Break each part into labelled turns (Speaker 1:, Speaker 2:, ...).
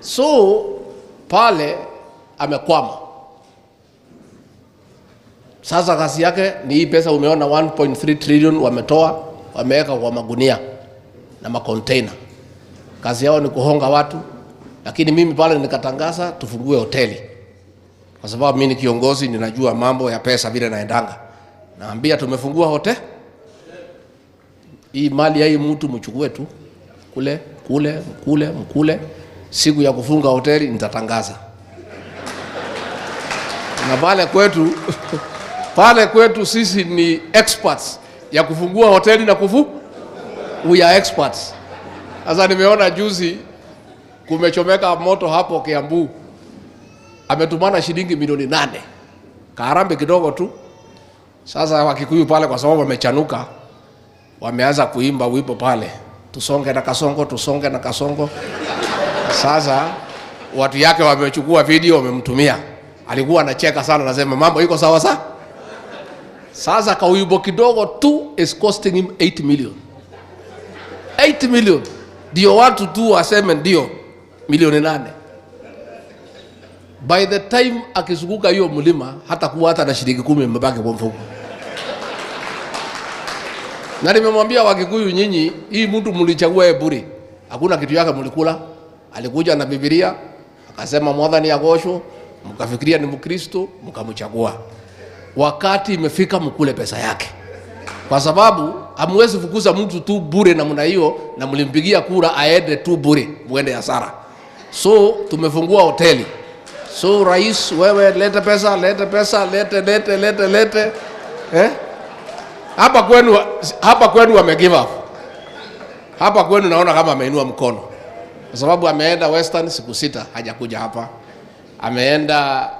Speaker 1: So pale amekwama. Sasa kazi yake ni hii pesa umeona 1.3 trillion wametoa wameweka kwa magunia na makonteina. Kazi yao ni kuhonga watu, lakini mimi pale nikatangaza tufungue hoteli, kwa sababu mimi ni kiongozi, ninajua mambo ya pesa vile naendanga. Naambia tumefungua hoteli hii, mali ya hii mtu mchukue tu, kule kule kule mkule siku ya kufunga hoteli nitatangaza. Na pale kwetu pale kwetu sisi ni experts ya kufungua hoteli na kufu, we are experts. Sasa nimeona juzi kumechomeka moto hapo Kiambu, ametumana shilingi milioni nane Karambe kidogo tu. Sasa Wakikuyu pale kwa sababu wamechanuka, wameanza kuimba wipo pale, tusonge na kasongo, tusonge na kasongo sasa watu yake wamechukua video wamemtumia, alikuwa anacheka sana, anasema mambo iko sawa sawa. Sasa kauibo kidogo tu is costing him 8 million, 8 million ndio watu tu waseme ndio milioni nane. By the time akizunguka hiyo mlima hata kuwa hata na shilingi kumi mabaki kwa mfuko. Na nimemwambia Wakikuyu, nyinyi hii mtu mlichagua yeye bure, hakuna kitu yake mlikula Alikuja na Biblia akasema ni agosho mkafikiria ni Mkristo, mkamchagua. Wakati imefika mkule pesa yake, kwa sababu hamwezi fukuza mtu tu bure namna hiyo, na mlimpigia kura aende tu bure, muende hasara. So tumefungua hoteli. So rais, wewe lete pesa, lete pesa, lete lete lete lete, eh? Hapa kwenu, hapa kwenu wame give up. Hapa kwenu naona kama ameinua mkono kwa sababu ameenda Western siku sita hajakuja hapa, ameenda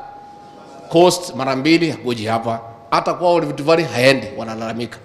Speaker 1: Coast mara mbili hakuji hapa, hata kwao Rift Valley haendi, wanalalamika.